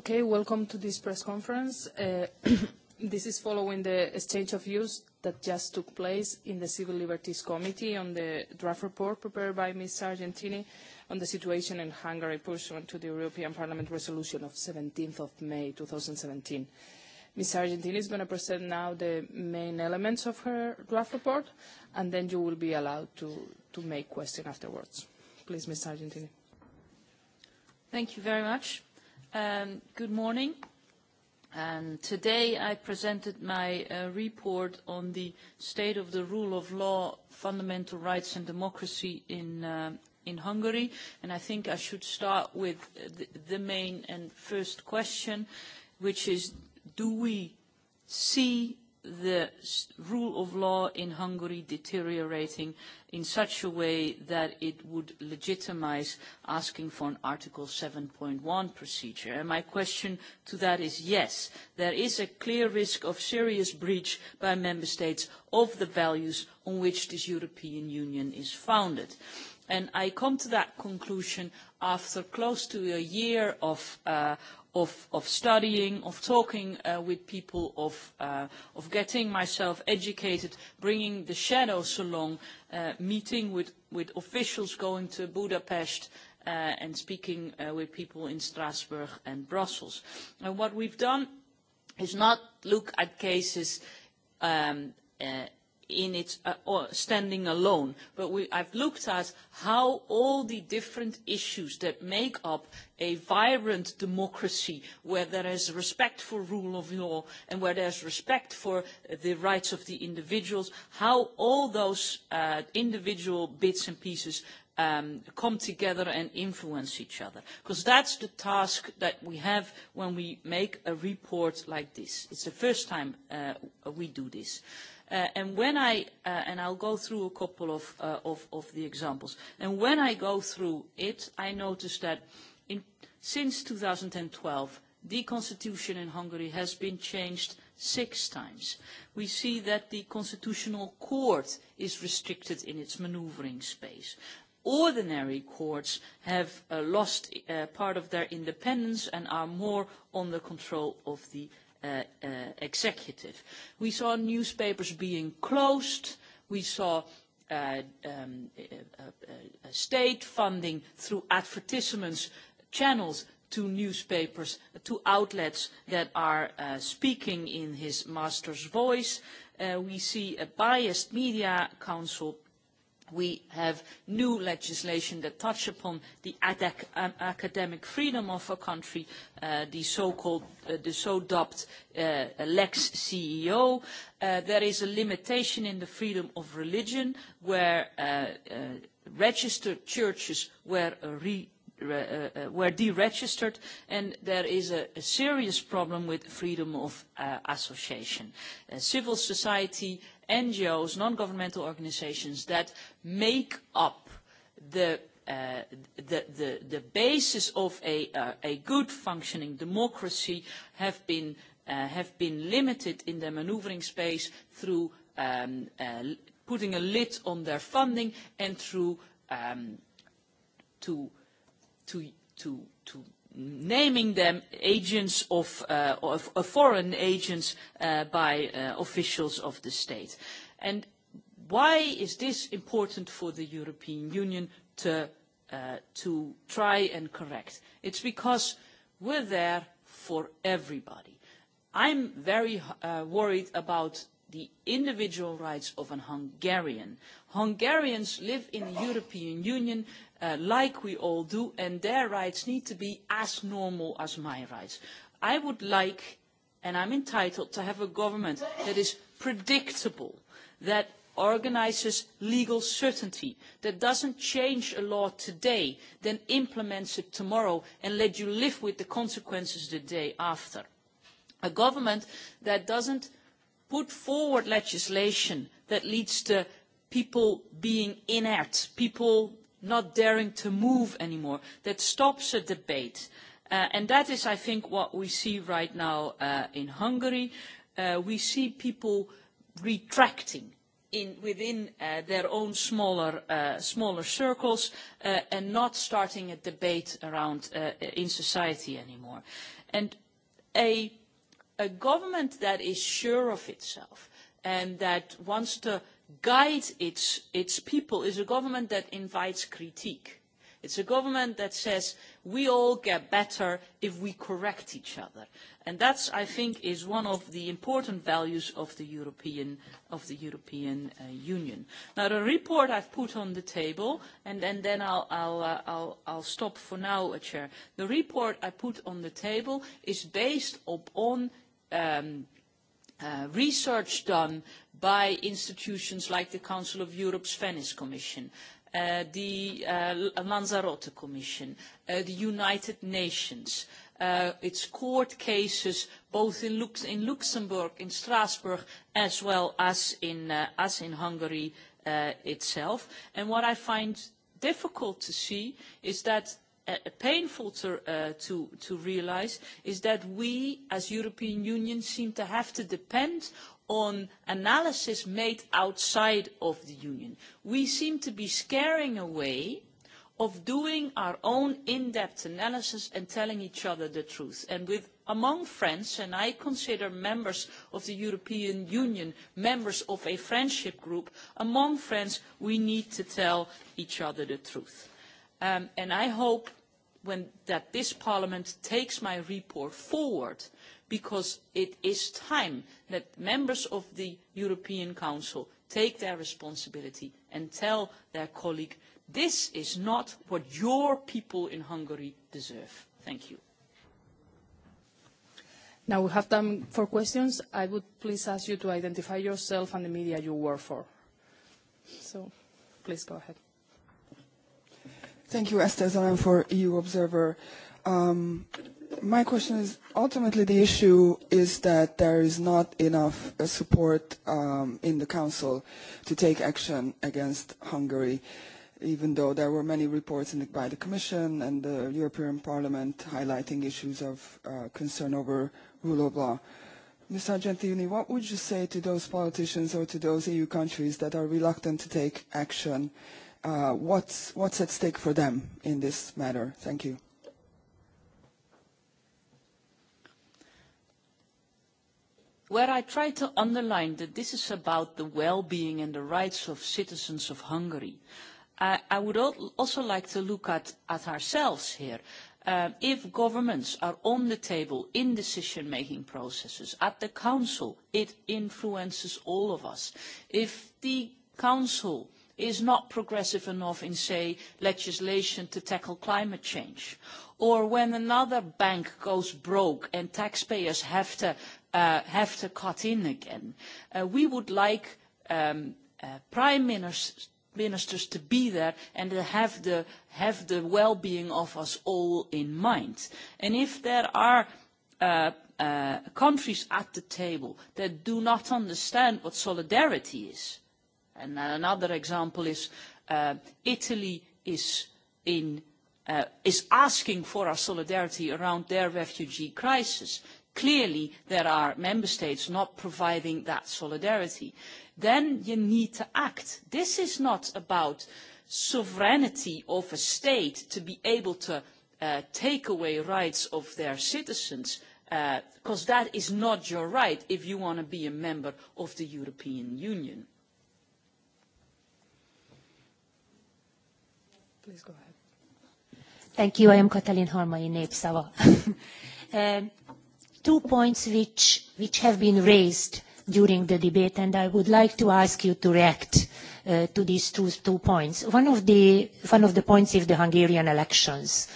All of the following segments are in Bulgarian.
Okay, welcome to this press conference. This is following the exchange of views that just took place in the Civil Liberties Committee on the draft report prepared by Ms. Sargentini on the situation in Hungary pursuant to the European Parliament resolution of 17th of May 2017. Ms. Sargentini is going to present now the main elements of her draft report, and then you will be allowed to, to make questions afterwards. Please, Ms. Sargentini. Thank you very much good morning. And today I presented my uh, report on the state of the rule of law, fundamental rights and democracy in, uh, in Hungary. And I think I should start with the, the main and first question, which is do we see the rule of law in Hungary deteriorating in such a way that it would legitimize asking for an Article 7.1 procedure. And my question to that is yes, there is a clear risk of serious breach by Member States of the values on which this European Union is founded. And I come to that conclusion after close to a year of, of, of studying, of talking uh, with people, of, uh, of getting myself educated, bringing the shadows along, uh, meeting with, with officials, going to Budapest uh, and speaking uh, with people in Strasbourg and Brussels. And what we've done is not look at cases um, uh, in its uh, standing alone, but we, I've looked at how all the different issues that make up a vibrant democracy, where there is respect for rule of law and where there is respect for the rights of the individuals, how all those uh, individual bits and pieces um, come together and influence each other. Because that's the task that we have when we make a report like this. It's the first time uh, we do this. Uh, Uh, and when I, uh, and I'll go through a couple of, uh, of, of the examples, and when I go through it, I notice that in, since 2012, the constitution in Hungary has been changed six times. We see that the constitutional court is restricted in its maneuvering space. Ordinary courts have uh, lost uh, part of their independence and are more on the control of the executive. We saw newspapers being closed. We saw state funding through advertisements channels to newspapers, to outlets that are speaking in his master's voice. we see a biased media council we have new legislation that touch upon the academic freedom of a country, the so-called, the so-dubbed Lex CEO. there is a limitation in the freedom of religion where registered churches were re were deregistered, and there is a, a serious problem with freedom of uh, association. Uh, civil society, NGOs, non-governmental organizations that make up the the, the, the basis of a, uh, a good functioning democracy have been, uh, have been limited in their maneuvering space through um, uh, putting a lid on their funding and through um, to to, to, to naming them agents of, uh, of, uh, foreign agents uh, by uh, officials of the state. And why is this important for the European Union to, uh, to try and correct? It's because we're there for everybody. I'm very uh, worried about the individual rights of a Hungarian. Hungarians live in the European Union like we all do, and their rights need to be as normal as my rights. I would like, and I am entitled, to have a government that is predictable, that organises legal certainty, that does not change a law today, then implements it tomorrow, and let you live with the consequences the day after. A government that does not put forward legislation that leads to people being inert, people not daring to move anymore, that stops a debate. and that is, I think, what we see right now in Hungary. we see people retracting within their own smaller, circles and not starting a debate around in society anymore. And a a government that is sure of itself and that wants to guide its, its people is a government that invites critique. It's a government that says we all get better if we correct each other. And that, I think, is one of the important values of the European, of the European uh, Union. Now, the report I've put on the table, and, and then I'll, I'll, uh, I'll, I'll stop for now, Chair. The report I put on the table is based upon research done by institutions like the Council of Europe's Venice Commission, the Lanzarote Commission, the United Nations, its court cases both in, Luxembourg, in Strasbourg, as well as in, Hungary itself. And what I find difficult to see is that painful to realise is that we as the European Union seem to have to depend on analysis made outside of the Union. We seem to be scaring away of doing our own in-depth analysis and telling each other the truth. And with among friends, and I consider members of the European Union members of a friendship group, among friends we need to tell each other the truth. and I hope that this Parliament takes my report forward, because it is time that members of the European Council take their responsibility and tell their colleague, this is not what your people in Hungary deserve. Thank you. Now we have time for questions. I would please ask you to identify yourself and the media you work for. So please go ahead. Thank you, Esther Zalem for EU Observer. Um, my question is ultimately the issue is that there is not enough uh, support um, in the Council to take action against Hungary, even though there were many reports in the, by the Commission and the European Parliament highlighting issues of uh, concern over rule of law. Mr Gentilini, what would you say to those politicians or to those EU countries that are reluctant to take action uh, what's, what's at stake for them in this matter? Thank you. Where I try to underline that this is about the well-being and the rights of citizens of Hungary, I, I would also like to look at, at ourselves here. Uh, if governments are on the table in decision-making processes at the Council, it influences all of us. If the Council is not progressive enough in, say, legislation to tackle climate change. Or when another bank goes broke and taxpayers have to, have to cut in again. we would like prime ministers ministers to be there and to have the, have the well-being of us all in mind. And if there are uh, uh, countries at the table that do not understand what solidarity is, another example is Italy is, asking for our solidarity around their refugee crisis. Clearly, there are member states not providing that solidarity. Then you need to act. This is not about sovereignty of a state to be able to take away rights of their citizens because that is not your right if you want to be a member of the European Union Please go ahead. Thank you. I am Katalin Harmai, Népszava. Two points which which have been raised during the debate, and I would like to ask you to react to these two points. One of the one of the points is the Hungarian elections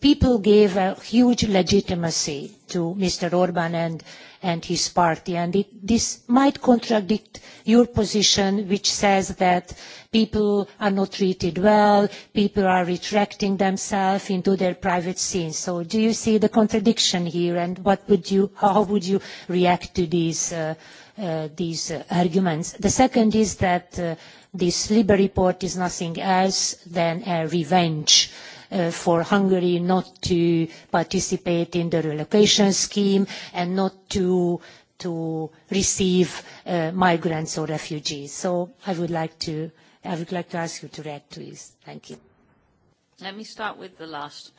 people gave a huge legitimacy to Mr. Orban and, and his party. And it, this might contradict your position, which says that people are not treated well, people are retracting themselves into their private scenes. So do you see the contradiction here, and what would you, how would you react to these, uh, uh, these uh, arguments? The second is that uh, this Libre report is nothing else than a revenge uh, for Hungary not to participate in the relocation scheme and not to to receive migrants or refugees. So I would like to I would like to ask you to react, please. Thank you. Let me start with the last.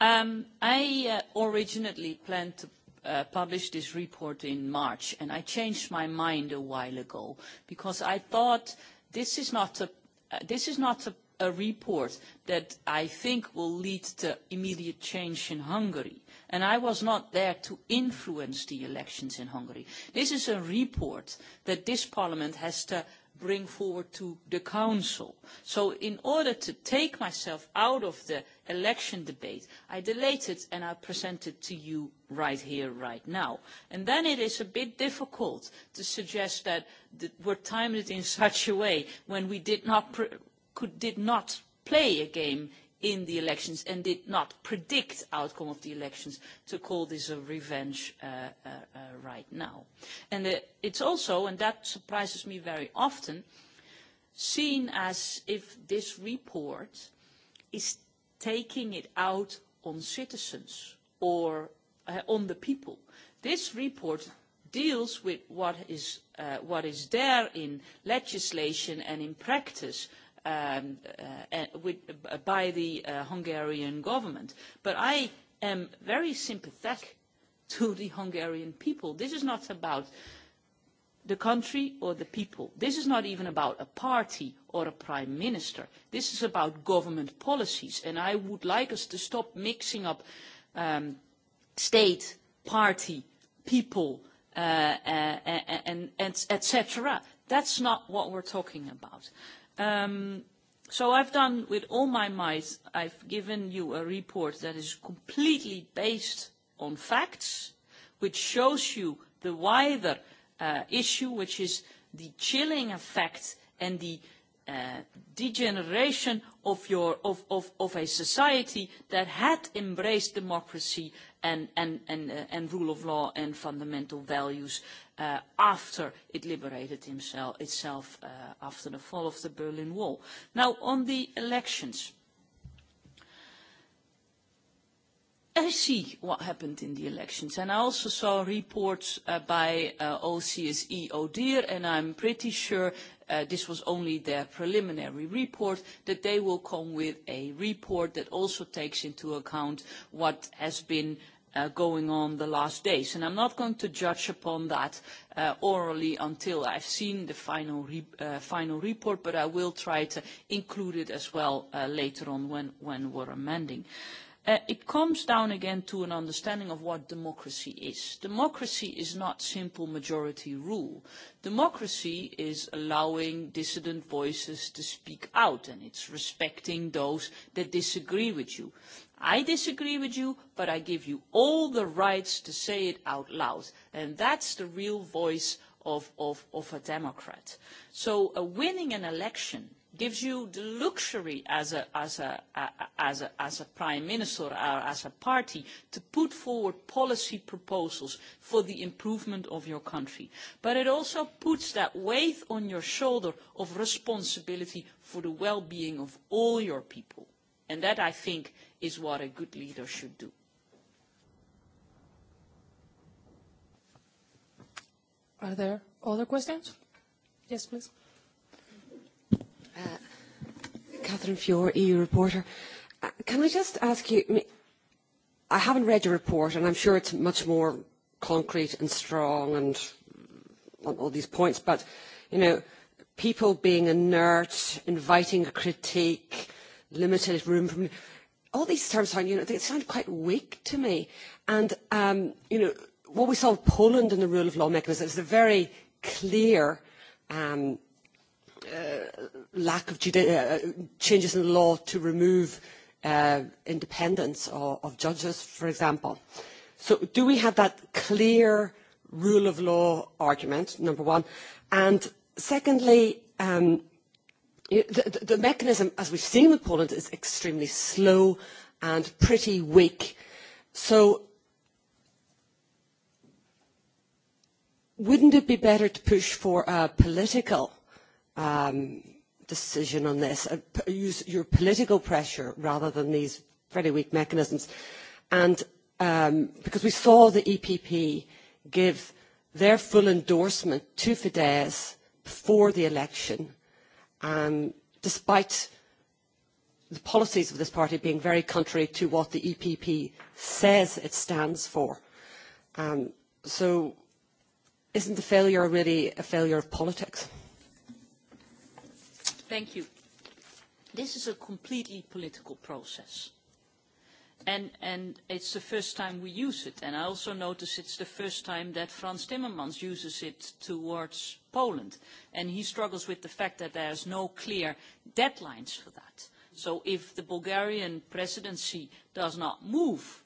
Um, I uh, originally planned to uh, publish this report in March, and I changed my mind a while ago because I thought this is not a uh, this is not a a report that I think will lead to immediate change in Hungary. And I was not there to influence the elections in Hungary. This is a report that this parliament has to bring forward to the council. So in order to take myself out of the election debate, I delayed it and I present it to you right here, right now. And then it is a bit difficult to suggest that, we we're timed it in such a way when we did not... Pre could, did not play a game in the elections and did not predict the outcome of the elections to call this a revenge right now. And it's also, and that surprises me very often, seen as if this report is taking it out on citizens or on the people. This report deals with what is, there in legislation and in practice um with by the uh Hungarian government. But I am very sympathetic to the Hungarian people. This is not about the country or the people. This is not even about a party or a prime minister. This is about government policies. And I would like us to stop mixing up state, party, people, uh, uh, and, and etc. That's not what we're talking about. Um, so I've done with all my might, I've given you a report that is completely based on facts, which shows you the wider uh, issue, which is the chilling effect and the degeneration of, your, of, of, of a society that had embraced democracy and, and, and, uh, and rule of law and fundamental values uh, after it liberated himself, itself uh, after the fall of the Berlin Wall. Now, on the elections. I see what happened in the elections, and I also saw reports uh, by uh, OCSE ODIR, and I'm pretty sure this was only their preliminary report, that they will come with a report that also takes into account what has been going on the last days. And I'm not going to judge upon that orally until I've seen the final report, but I will try to include it as well later on when we're amending it comes down again to an understanding of what democracy is. Democracy is not simple majority rule. Democracy is allowing dissident voices to speak out and it's respecting those that disagree with you. I disagree with you, but I give you all the rights to say it out loud. And that's the real voice of, of, of a Democrat. So uh, winning an election – gives you the luxury as a, as a, as a, as a prime minister or as a party to put forward policy proposals for the improvement of your country. But it also puts that weight on your shoulder of responsibility for the well-being of all your people. And that, I think, is what a good leader should do. Are there other questions? Yes, please. Uh, Catherine Fiore, EU reporter. Uh, can I just ask you, I haven't read your report and I'm sure it's much more concrete and strong and on all these points, but, you know, people being inert, inviting a critique, limited room for... All these terms sound, you know, they sound quite weak to me. And, um, you know, what we saw with Poland in the rule of law mechanism is a very clear um, lack of changes in the law to remove independence of judges, for example. So do we have that clear rule of law argument, number one? And secondly, the, mechanism, as we've seen with Poland, is extremely slow and pretty weak. So wouldn't it be better to push for a political um, decision on this, use your political pressure rather than these very weak mechanisms. And because we saw the EPP give their full endorsement to Fidesz before the election, despite the policies of this party being very contrary to what the EPP says it stands for. so isn't the failure really a failure of politics? Thank you. This is a completely political process. And, and it's the first time we use it. And I also notice it's the first time that Frans Timmermans uses it towards Poland. And he struggles with the fact that there no clear deadlines for that. So if the Bulgarian presidency does not move,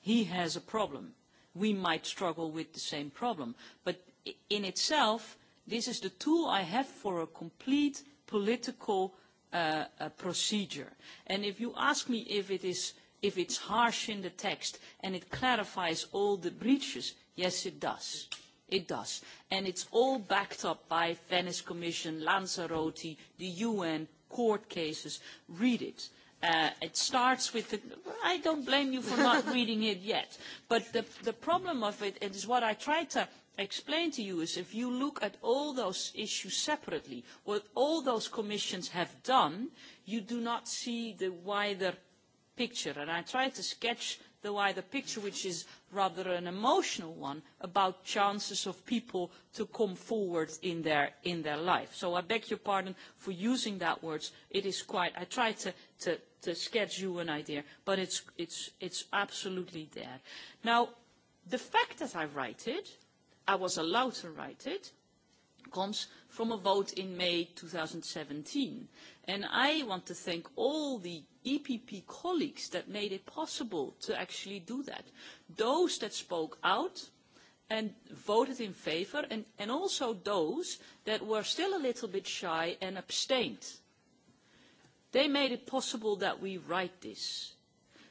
he has a problem. We might struggle with the same problem. But in itself, this is the tool I have for a complete political uh, uh, procedure. And if you ask me if it is if it's harsh in the text and it clarifies all the breaches, yes, it does. It does. And it's all backed up by Venice Commission, Lanzarote, the UN, court cases. Read it. Uh, it starts with, the, I don't blame you for not reading it yet, but the, the problem of it, it is what I try to explain to you is if you look at all those issues separately, what all those commissions have done, you do not see the wider picture. And I try to sketch the wider picture, which is rather an emotional one, about chances of people to come forward in their, in their life. So I beg your pardon for using that word. It is quite, I tried to, to, to sketch you an idea, but it's, it's, it's absolutely there. Now, the fact that I write it, I was allowed to write it, comes from a vote in May 2017. And I want to thank all the EPP colleagues that made it possible to actually do that. Those that spoke out and voted in favour, and, and also those that were still a little bit shy and abstained. They made it possible that we write this.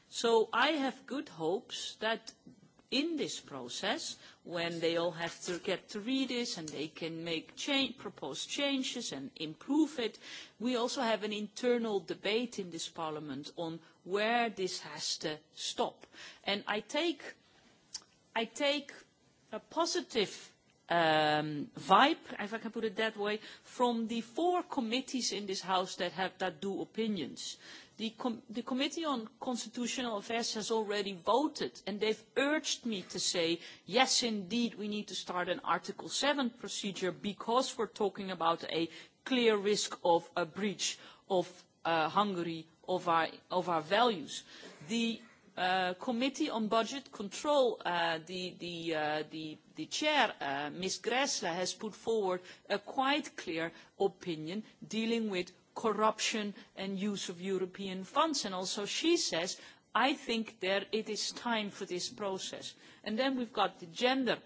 So I have good hopes that in this process when they all have to get to read this and they can make change, propose changes and improve it. We also have an internal debate in this parliament on where this has to stop. And I take, I take a positive um, vibe, if I can put it that way, from the four committees in this House that, have, that do opinions The, com the Committee on Constitutional Affairs has already voted, and they've urged me to say, yes, indeed, we need to start an Article 7 procedure because we're talking about a clear risk of a breach of uh, Hungary of our, of our values. The uh, Committee on Budget Control, uh, the, the, uh, the, the chair, uh, Ms. Gressler, has put forward a quite clear opinion dealing with corruption and use of European funds. And also she says, I think that it is time for this process. And then we've got the gender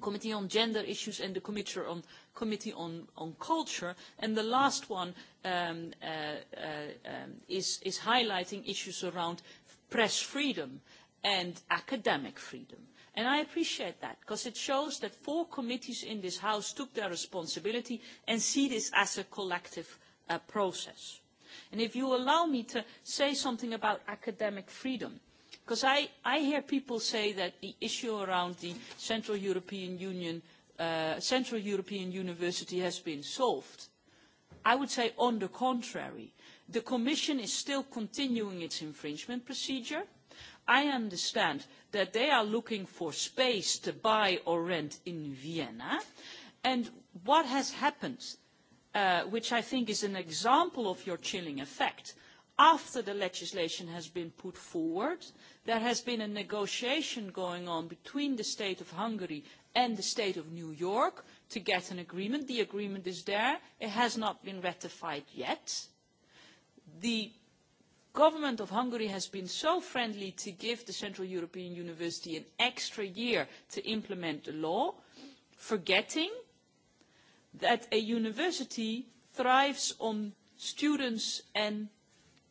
Committee on Gender Issues and the Committee on, committee on, on Culture. And the last one um, uh, uh, um, is, is highlighting issues around press freedom and academic freedom. And I appreciate that because it shows that four committees in this House took their responsibility and see this as a collective process. if you allow me to say something about academic freedom, because I, I hear people say that the issue around the Central European Union, Central European University has been solved. I would say on the contrary. The Commission is still continuing its infringement procedure. I understand that they are looking for space to buy or rent in Vienna. And what has happened which I think is an example of your chilling effect. After the legislation has been put forward, there has been a negotiation going on between the state of Hungary and the state of New York to get an agreement. The agreement is there. It has not been ratified yet. The government of Hungary has been so friendly to give the Central European University an extra year to implement the law, forgetting – that a university thrives on students and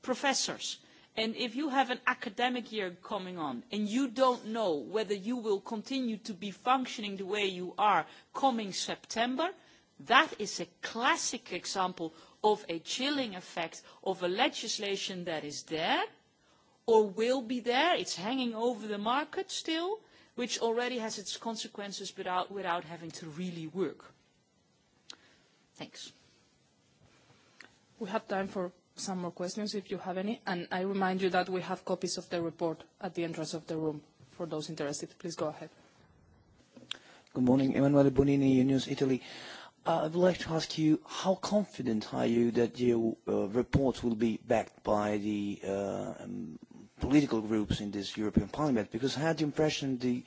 professors. And if you have an academic year coming on and you don't know whether you will continue to be functioning the way you are coming September, that is a classic example of a chilling effect of a legislation that is there or will be there. It's hanging over the market still, which already has its consequences without, without having to really work Thanks. We have time for some more questions if you have any. And I remind you that we have copies of the report at the entrance of the room for those interested. Please go ahead. Good morning. Emanuele Bonini, News Italy. I would like to ask you, how confident are you that your report will be backed by the political groups in this European Parliament? Because I had the impression the,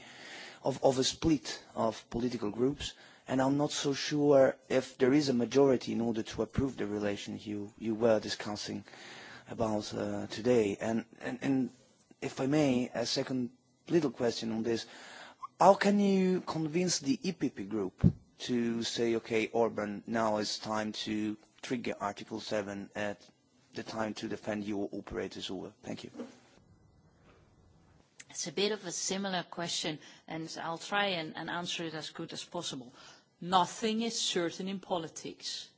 of, of a split of political groups and I'm not so sure if there is a majority in order to approve the relation you, you were discussing about uh, today. And, and, and if I may, a second little question on this. How can you convince the EPP group to say, okay, Orban, now it's time to trigger Article 7 at the time to defend your operators over? Thank you. It's a bit of a similar question, and I'll try and, and answer it as good as possible. Nothing is certain in politics.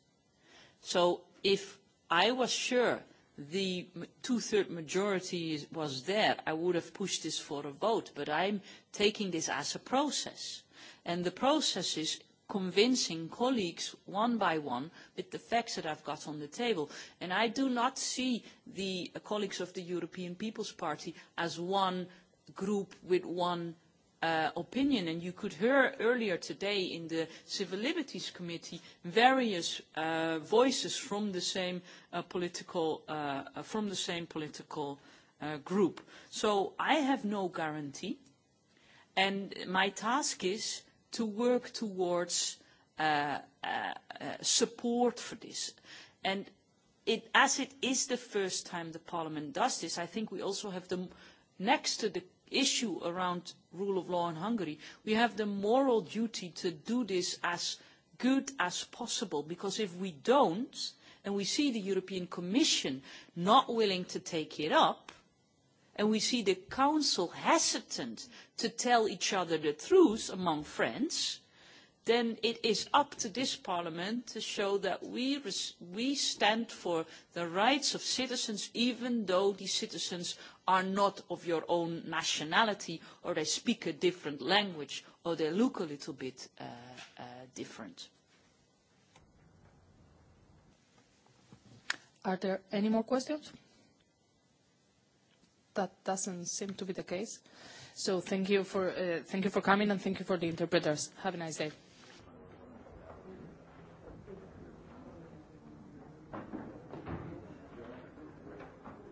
So if I was sure the two-third majority was there, I would have pushed this for a vote, but I'm taking this as a process. And the process is convincing colleagues one by one with the facts that I've got on the table. And I do not see the colleagues of the European People's Party as one – group with one uh, opinion. And you could hear earlier today in the Civil Liberties Committee various uh, voices from the same uh, political uh, from the same political uh, group. So I have no guarantee, and my task is to work towards uh, uh, uh, support for this. And it, as it is the first time the Parliament does this, I think we also have the next to the issue around rule of law in Hungary, we have the moral duty to do this as good as possible, because if we don't, and we see the European Commission not willing to take it up, and we see the Council hesitant to tell each other the truth among friends, then it is up to this Parliament to show that we, we stand for the rights of citizens, even though these citizens are not of your own nationality or they speak a different language or they look a little bit uh, uh, different. Are there any more questions? That doesn't seem to be the case. So thank you for, uh, thank you for coming and thank you for the interpreters. Have a nice day.